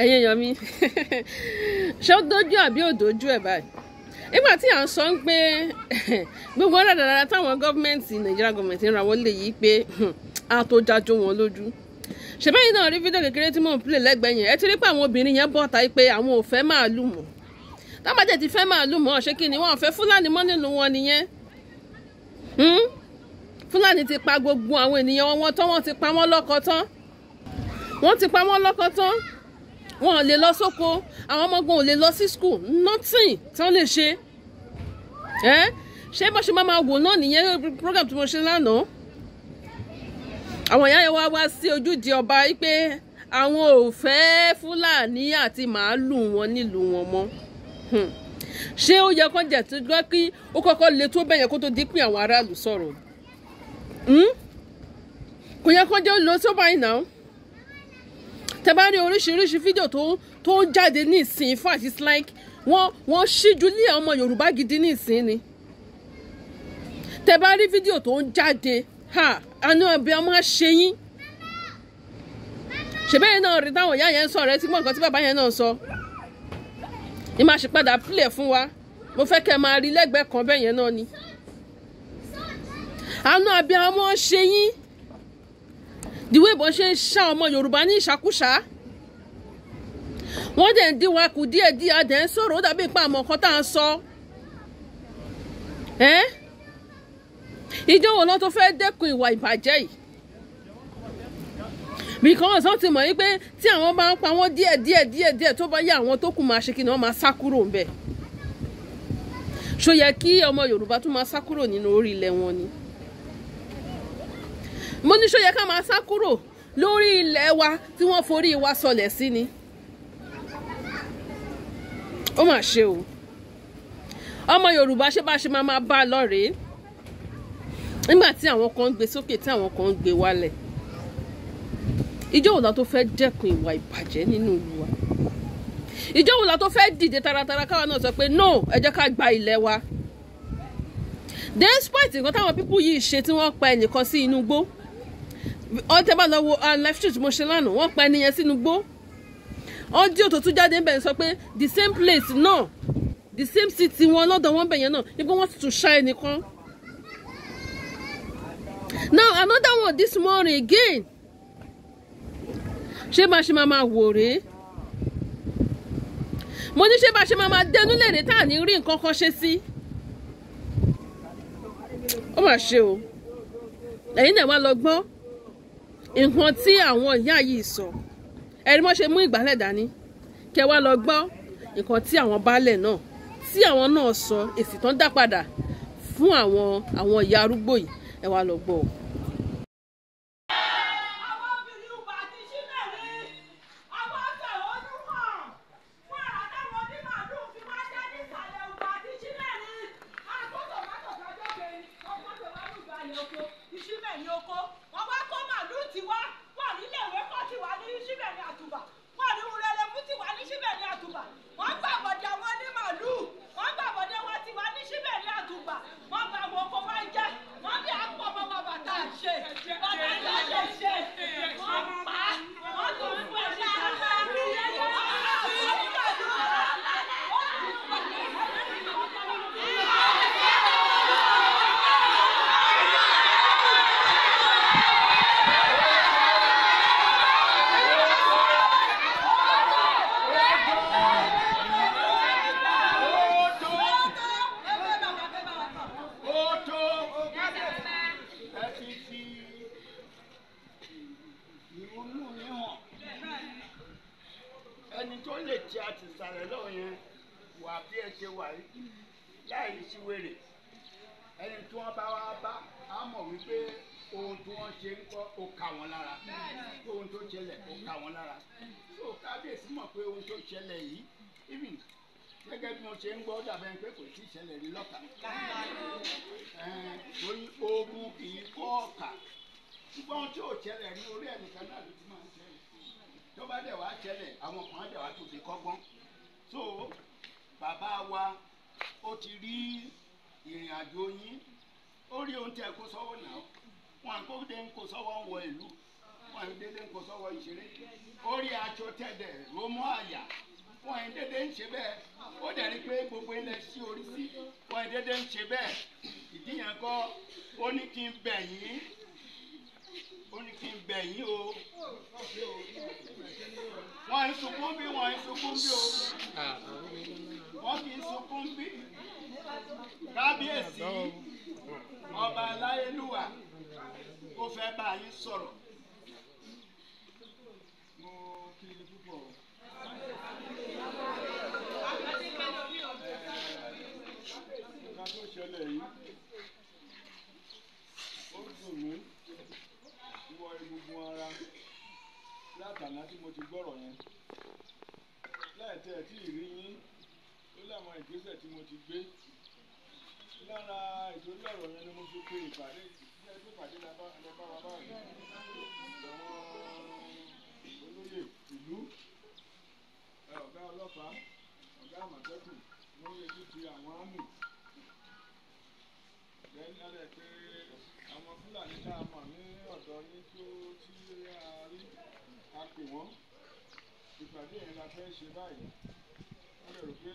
ẹ̀yin èèyàn mi ṣé ó dojú àbí ò dojú ẹ̀ báyìí nígbà tí à ń sọ pé gbogbo rádaràda táwọn gọ́ọ̀mẹ̀ntì nàìjíríà gọ́ọ̀mẹ̀ntì ń rawọ́ lè yí pé hmm, a tó jájú wọn lójú ṣèbẹ́yìn náà rí fídíò kékeré tí mò ń play lẹ́gbẹ̀ẹ́ yẹn ẹ ti rí pé àwọn obìnrin yẹn bọ̀ ta pé àwọn ò fẹ́ màálù mọ́ táwọn jẹ́ ti fẹ́ màálù mọ́ ṣé kí ni wọ́n fẹ́ fúlàní mọ́ nínú wọn nìyẹn hmm? fúlàní ti pa gbogbo àwọn ènìyàn wọn tán wọ́n ti pa wọ́n lọ́kọ tán wọ́n ti pa wọ́n lọ́kọ tán wọn ò lè lọ sóko àwọn ọmọgbọ́n ò lè lọ sí school nothing tán lè ṣe ẹ ṣé bó ṣe máa máa wò náà nìyẹn program tí mo ṣe lánàá àwọn ìyá yẹn wá wá sí ojúde ọba yìí pé àwọn ò fẹ́ fúlàní àti màálù wọn nílùú wọn mọ́ hmm. ṣé ó yẹ kán jẹ́ tó gbọ́ kí ó kọ́kọ́ le tó bẹ̀yẹn kó tó di pín àwọn aráàlú sọ̀rọ̀ hmm? kò yẹ kán jẹ́ ó lọ náà tẹ bá rí oríṣiríṣi fídíò tó tó ń jáde ní ìsìn fún àti slack wọn wọn ṣíjú lé ọmọ yorùbá gidi ní ìsìn ni tẹ bá rí fídíò tó ń jáde ha àánú ẹbí ọmọ ṣe yín ṣèbẹ́yìn náà rí táwọn ìyá yẹn ń sọ rẹ tí mọ nǹkan tí bàbá yẹn náà sọ ni máa ṣe padà pílẹ̀ fún wa mo fẹ́ kẹ́ máa rí lẹ́gbẹ̀ẹ́ kan bẹ́yẹn náà ni àánú ẹbí ọmọ ṣe yín the way bọ́n ṣe ń ṣá ọmọ yorùbá ní ìṣàkúṣà wọ́n dẹ̀ ń dín wa kù díẹ̀ díẹ̀ adẹ̀ ń sọ̀rọ̀ ó dàbí ipa àmọ̀ kan tá à ń sọ ìjọ wo lọ́n tó fẹ́ dẹ́kun ìwà ìbàjẹ́ yìí because wọ́n ti mọ̀ yí pé tí àwọn bá ń pa wọ́n díẹ̀ díẹ̀ díẹ̀ díẹ̀ tó bá yá àwọn tó kù máa ṣe kí ni wọ́n máa sá kúrò ńbẹ̀ ṣó yẹ kí ọmọ yorùbá tún máa sá kúrò nínú orí wọn ni mo ní ṣó yẹ ká máa sá kúrò lórí ilẹ̀ wa tí wọ́n forí wa sọlẹ̀ sí ni ó mà ṣe o ọmọ Yorùbá ṣé bá ṣe máa máa bá a lọ rèé nígbà tí àwọn kan ń gbé sókè tí àwọn kan ń gbé wálẹ̀ ìjọ wo tó fẹ́ dẹ́kun ìwà ìbàjẹ́ nínú ìlú wa ìjọ wo la tó fẹ́ dìde taratara káwa náà sọ pé no ẹ jẹ́ ká gba ilẹ̀ wa despite nǹkan táwọn pípú yìí ṣe tí wọ́n pa ẹnìkan sí inú igbó ọtẹ bá lọ wo uh, live stream mo ṣe lánàá wọ́n pa ẹniyẹn sínú gbó ọdíò tó tún jáde ńbẹ̀ sọ pé the same place náà the same city wọn lọ́dọ̀ wọn bẹ̀yẹn náà ni pé wọ́n tún ṣá ẹnìkan. now another one this morning again ṣé bá ṣe máa máa wò rèé mo ní ṣé bá ṣe máa máa dẹnu lèrè tá à ní rí nǹkan kan ṣe sí ó mà ṣe o ẹ̀yin náà wá lọ gbọ́n nǹkan tí àwọn ìyá yìí sọ ẹni wọ́n ṣe mú ìgbálẹ̀ dání kẹ wá lọ gbọ́ nǹkan tí àwọn baálẹ̀ náà tí àwọn náà sọ èsì tán dá padà fún àwọn àwọn ìyá arúgbó yìí ẹ wá lọ gbọ́ o. ìsàlẹ̀ lọ́wọ́ yẹn wà bí ẹ ṣe wà yìí láì sí wèrè ẹni tí wọ́n bá wá bá á mọ̀ wípé ohun tí wọ́n ṣe ń kọ́ ó kà wọ́n lára ohun tó ṣẹlẹ̀ ó kà wọ́n lára so kábíyèsí mọ̀ pé ohun tó ṣẹlẹ̀ yìí even gẹ́gẹ́ bí mo ṣe ń gbọ́ dàbẹ́ pé kò sí ìṣẹ̀lẹ̀ rí lọ́kà lórí ogun kì í kọ́ ọ̀kà ṣùgbọ́n tí ò ṣẹlẹ̀ rí orí ẹnìkan náà ló ti máa ń ṣẹlẹ̀ tó bá dẹ̀ wá ṣẹlẹ̀ àwọn kan dẹ̀ wá tó fi kọ́gbọ́n so bàbá wa ó ti rí ìrìn àjò yín ó rí ohun tí ẹ kó sọ́wọ́ náà wọn kó dé ń kó sọ́wọ́ wọ ìlú wọn dédé ń kó sọ́wọ́ ìṣeré ó rí aṣọ tẹ̀dẹ̀ rómú àyà wọn dédé ń ṣe bẹ́ẹ̀ ó dẹ̀rí pé gbogbo ilẹ̀ sí orí sí wọn dédé ń ṣe bẹ́ẹ̀ ìdí kọ́ ó ní kí n bẹ̀ ó ní kí n bẹ̀ yín o wọ́n ń sunkún bí wọ́n ń sunkún bí o wọ́n kì í sunkún bí kábíyèsí ọba aláyélúwà ó fẹ́ bá yín sọ̀rọ̀ mo kí ìgbésẹ̀ tí mo ti gbé lára ìtorí ọ̀rọ̀ yẹn ni mo fi pe ìpàdé ìpínlẹ̀ tó pàdé lọ́ba wa báyìí àwọn olóyè ìlú ọ̀gá ọlọ́pàá ọ̀gá àmọ̀tẹ́kùn ló ń retí ti àwọn àmì lẹ́yìn alẹ́ pé àwọn fúlàní tá a mọ̀ ní ọ̀dọ́ ní tó tí a rí a pè wọ́n ìpàdé yẹn la fẹ́ ṣe báyìí wọ́n lè rò pé.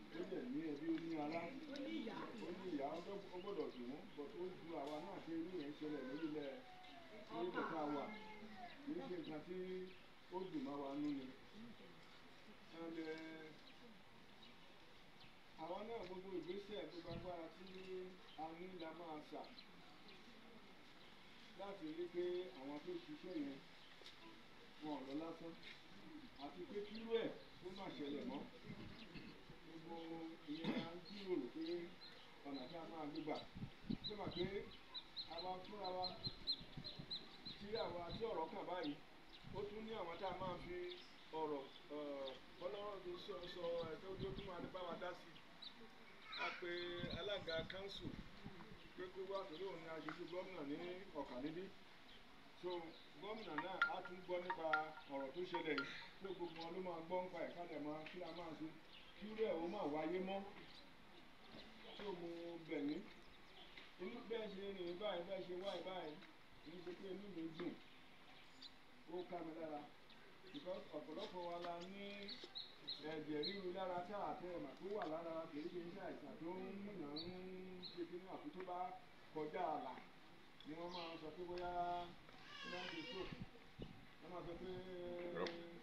ó dẹ̀ ní ẹbí ó ní ará ó ní ìyá ó gbọ́dọ̀ dùn wọ́n bọ̀t ó ju àwa náà ṣe irú yẹn ṣẹlẹ̀ lórílẹ̀ lórílẹ̀ tá a wà kì í ṣe nǹkan tí ó dùn máa wà nú ni. àwa náà gbogbo ìgbésẹ̀ gbogbo agbára tí a ní la máa ṣà láti rí pé àwọn tó ṣiṣẹ́ yẹn wọn ò lọ lásán àti pé kírú ẹ̀ kó má ṣẹlẹ̀ mọ́ gbogbo ìyẹn à ń jíròrò pé ọ̀nà tí a máa gbégbà ṣé mà pé àwa fúnra wa tí àwa tí ọ̀rọ̀ kàn báyìí ó tún ní àwọn tá a máa fi ọ̀rọ̀ ọlọ́rọ̀ tó sọ sọ ẹ̀tọ́ tó tún máa bá wa dá sí a pe alága kanṣu pé kó wá torí òun ni aṣojú gómìnà ní ọ̀kànlélí so gómìnà náà á tún gbọ́ nípa ọ̀rọ̀ tó ṣẹlẹ̀ yìí pé gbogbo wọn ló máa gbọ́ nípa ẹ̀ka lẹ̀ mọ́ kí a máa ṣe kúrẹ́ ò má wáyé mọ́ tí o mo bẹ̀ mí inú bẹ́ẹ̀ ṣe rìn báyìí bẹ́ẹ̀ ṣe wáyé báyìí kì ṣe pé inú mi dùn ó ká mi lára because ọ̀pọ̀lọpọ̀ wa la ní ẹ̀jẹ̀ ríru lára tá àtẹ̀mà tó wà lára kì ṣe iṣẹ́ àìsàn tó ń múnà ń ṣe kí ní àfi bá kọjá àlà ni wọ́n máa sọ pé bóyá kí ti stroke wọ́n máa sọ pé.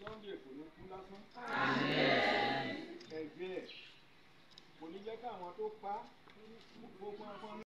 Sunday kò ní kú lásán. ẹgbẹ́ ẹ̀ kò ní jẹ́ káwọn tó pa gbogbo ọgbọ́n.